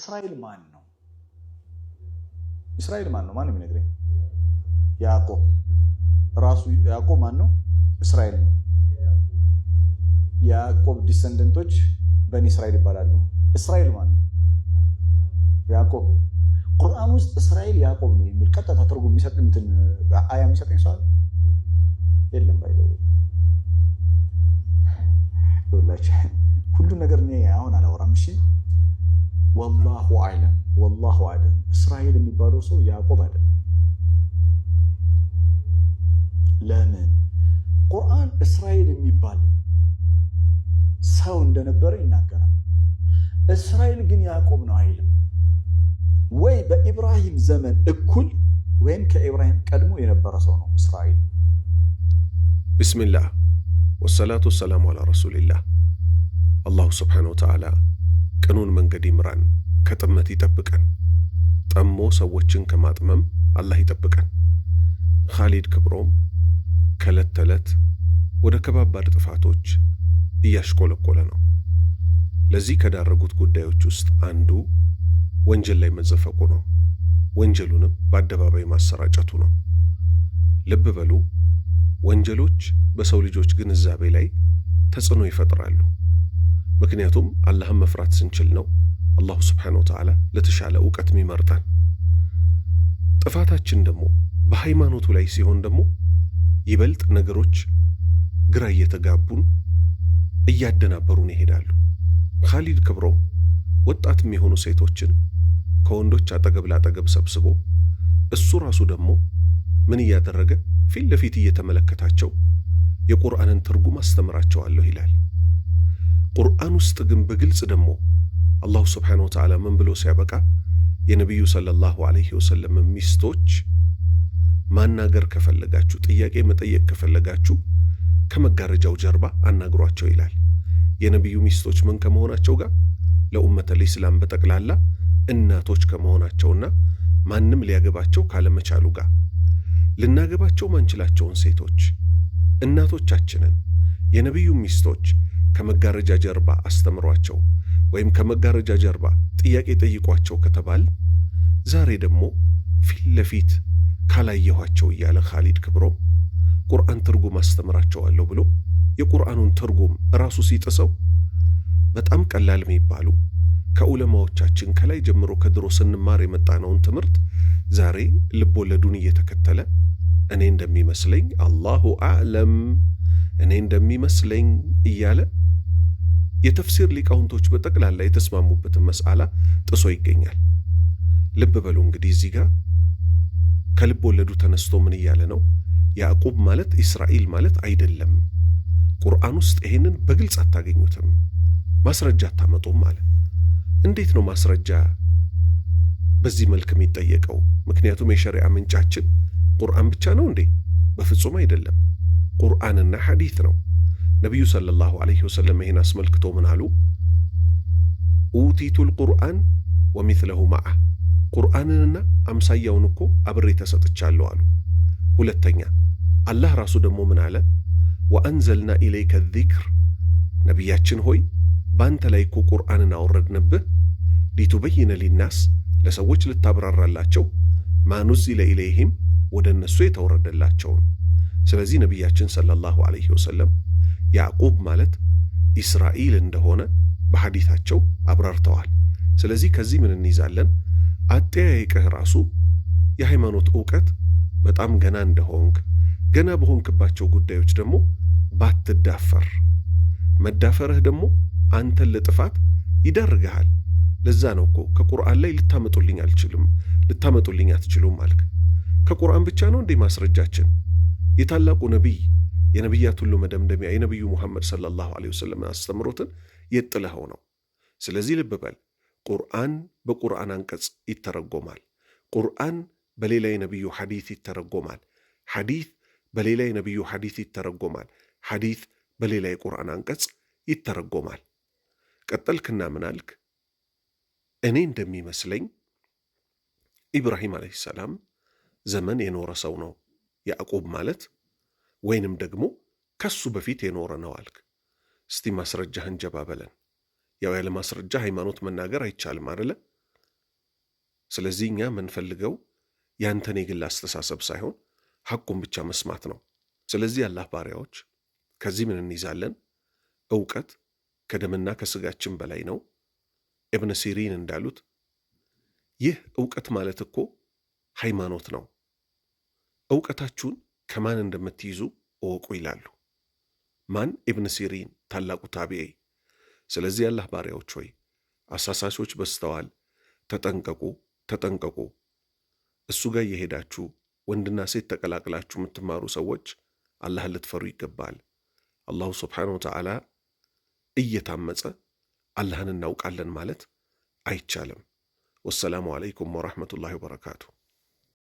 እስራኤል ማን ነው? እስራኤል ማን ነው? ማን የሚነግረኝ? ያዕቆብ ራሱ ያዕቆብ ማን ነው? እስራኤል ነው። የያዕቆብ ዲሰንደንቶች በኒ እስራኤል ይባላሉ። እስራኤል ማን ነው? ያዕቆብ። ቁርአን ውስጥ እስራኤል ያዕቆብ ነው የሚል ቀጥታ ትርጉም የሚሰጥ እንትን አያ የሚሰጠኝ ሰው የለም። ባይዘው ሁሉ ነገር እኔ አሁን አላወራም። እሺ አለ። እስራኤል የሚባለው ሰው ያዕቆብ አይደለም። ለምን ቁርአን እስራኤል የሚባል ሰው እንደነበረ ይናገራል። እስራኤል ግን ያዕቆብ ነው አይልም። ወይ በኢብራሂም ዘመን እኩል ወይም ከኢብራሂም ቀድሞ የነበረ ሰው ነው እስራኤል። ቢስሚላህ ወሰላቱ ወሰላሙ አላ ረሱሊላህ። አላሁ ስብሓነ ወተዓላ ቅኑን መንገድ ይምራን፣ ከጥመት ይጠብቀን። ጠሞ ሰዎችን ከማጥመም አላህ ይጠብቀን። ኻሊድ ክብሮም ከዕለት ተዕለት ወደ ከባባድ ጥፋቶች እያሽቆለቆለ ነው። ለዚህ ከዳረጉት ጉዳዮች ውስጥ አንዱ ወንጀል ላይ መዘፈቁ ነው። ወንጀሉንም በአደባባይ ማሰራጨቱ ነው። ልብ በሉ፣ ወንጀሎች በሰው ልጆች ግንዛቤ ላይ ተጽዕኖ ይፈጥራሉ። ምክንያቱም አላህን መፍራት ስንችል ነው አላሁ ስብሓነ ወተዓላ ለተሻለ እውቀት ይመርጠን። ጥፋታችን ደግሞ በሃይማኖቱ ላይ ሲሆን ደግሞ ይበልጥ ነገሮች ግራ እየተጋቡን እያደናበሩን ይሄዳሉ። ካሊድ ክብሮ ወጣት የሆኑ ሴቶችን ከወንዶች አጠገብ ላጠገብ ሰብስቦ እሱ ራሱ ደግሞ ምን እያደረገ ፊት ለፊት እየተመለከታቸው የቁርአንን ትርጉም አስተምራቸዋለሁ ይላል። ቁርአን ውስጥ ግን በግልጽ ደግሞ አላሁ ስብሓነ ወተዓላ ምን ብሎ ሲያበቃ የነቢዩ ሰለላሁ ዐለይሂ ወሰለም ሚስቶች ማናገር ከፈለጋችሁ፣ ጥያቄ መጠየቅ ከፈለጋችሁ ከመጋረጃው ጀርባ አናግሯቸው ይላል። የነቢዩ ሚስቶች ምን ከመሆናቸው ጋር ለኡመተ ኢስላም በጠቅላላ እናቶች ከመሆናቸውና ማንም ሊያገባቸው ካለመቻሉ ጋር ልናገባቸው ማንችላቸውን ሴቶች እናቶቻችንን የነቢዩ ሚስቶች ከመጋረጃ ጀርባ አስተምሯቸው ወይም ከመጋረጃ ጀርባ ጥያቄ ጠይቋቸው ከተባል ዛሬ ደግሞ ፊት ለፊት ካላየኋቸው እያለ ካሊድ ክብሮ ቁርአን ትርጉም አስተምራቸዋለሁ ብሎ የቁርአኑን ትርጉም ራሱ ሲጥሰው በጣም ቀላል የሚባሉ ከዑለማዎቻችን ከላይ ጀምሮ ከድሮ ስንማር የመጣነውን ትምህርት ዛሬ ልቦለዱን እየተከተለ እኔ እንደሚመስለኝ አላሁ አዕለም እኔ እንደሚመስለኝ እያለ የተፍሲር ሊቃውንቶች በጠቅላላ የተስማሙበትን መስአላ ጥሶ ይገኛል። ልብ በሉ እንግዲህ እዚህ ጋር ከልብ ወለዱ ተነስቶ ምን እያለ ነው? ያዕቁብ ማለት ኢስራኤል ማለት አይደለም። ቁርአን ውስጥ ይሄንን በግልጽ አታገኙትም። ማስረጃ አታመጡም ማለት እንዴት ነው ማስረጃ በዚህ መልክ የሚጠየቀው? ምክንያቱም የሸሪዓ ምንጫችን ቁርአን ብቻ ነው እንዴ? በፍጹም አይደለም። ቁርአንና ሐዲት ነው። ነቢዩ ሰለላሁ ዐለይሂ ወሰለም ይህን አስመልክቶ ምን አሉ? ኡቲቱል ቁርአን ወሚትለሁ ማዓ ቁርአንንና አምሳያውን እኮ አብሬ ተሰጥቻለሁ አሉ። ሁለተኛ አላህ ራሱ ደግሞ ምን አለ? ወአንዘልና ኢለይከ ዚክር ነቢያችን ሆይ በአንተ ላይ እኮ ቁርአንን አወረድንብህ ሊቱበይነ ሊናስ ለሰዎች ልታብራራላቸው ማኑዚለ ኢለይህም ወደ እነሱ የተወረደላቸውን። ስለዚህ ነቢያችን ሰለላሁ ዐለይሂ ወሰለም ያዕቁብ ማለት ኢስራኤል እንደሆነ በሐዲታቸው አብራርተዋል። ስለዚህ ከዚህ ምን እንይዛለን? አጠያየቅህ ራሱ የሃይማኖት ዕውቀት በጣም ገና እንደሆንክ ገና በሆንክባቸው ጉዳዮች ደግሞ ባትዳፈር፣ መዳፈርህ ደግሞ አንተን ለጥፋት ይዳርግሃል። ለዛ ነው እኮ ከቁርአን ላይ ልታመጡልኝ አልችልም ልታመጡልኝ አትችሉም አልክ። ከቁርአን ብቻ ነው እንዴ ማስረጃችን? የታላቁ ነቢይ የነቢያት ሁሉ መደምደሚያ የነቢዩ ሙሐመድ ሰለላሁ ዐለይሂ ወሰለም አስተምሮትን የጥለኸው ነው። ስለዚህ ልብ በል፣ ቁርአን በቁርአን አንቀጽ ይተረጎማል። ቁርአን በሌላ የነቢዩ ሐዲት ይተረጎማል። ሐዲት በሌላ የነቢዩ ሐዲት ይተረጎማል። ሐዲት በሌላ የቁርአን አንቀጽ ይተረጎማል። ቀጠልክና ምናልክ እኔ እንደሚመስለኝ ኢብራሂም ዓለይሂ ሰላም ዘመን የኖረ ሰው ነው። ያዕቁብ ማለት ወይንም ደግሞ ከሱ በፊት የኖረ ነው አልክ። እስቲ ማስረጃህን ጀባ በለን። ያው ያለ ማስረጃ ሃይማኖት መናገር አይቻልም አደለ? ስለዚህ እኛ የምንፈልገው ያንተን የግል አስተሳሰብ ሳይሆን ሐቁን ብቻ መስማት ነው። ስለዚህ አላህ ባሪያዎች ከዚህ ምን እንይዛለን? እውቀት ከደምና ከስጋችን በላይ ነው። እብነ ሲሪን እንዳሉት ይህ እውቀት ማለት እኮ ሃይማኖት ነው። እውቀታችሁን ከማን እንደምትይዙ እወቁ ይላሉ። ማን? ኢብን ሲሪን ታላቁ ታቢኤ። ስለዚህ ያላህ ባሪያዎች ሆይ አሳሳሾች በስተዋል ተጠንቀቁ፣ ተጠንቀቁ። እሱ ጋር እየሄዳችሁ ወንድና ሴት ተቀላቅላችሁ የምትማሩ ሰዎች አላህን ልትፈሩ ይገባል። አላሁ ስብሓነሁ ወተዓላ እየታመጸ አላህን እናውቃለን ማለት አይቻልም። ወሰላሙ አለይኩም ወረሕመቱላሂ ወበረካቱ።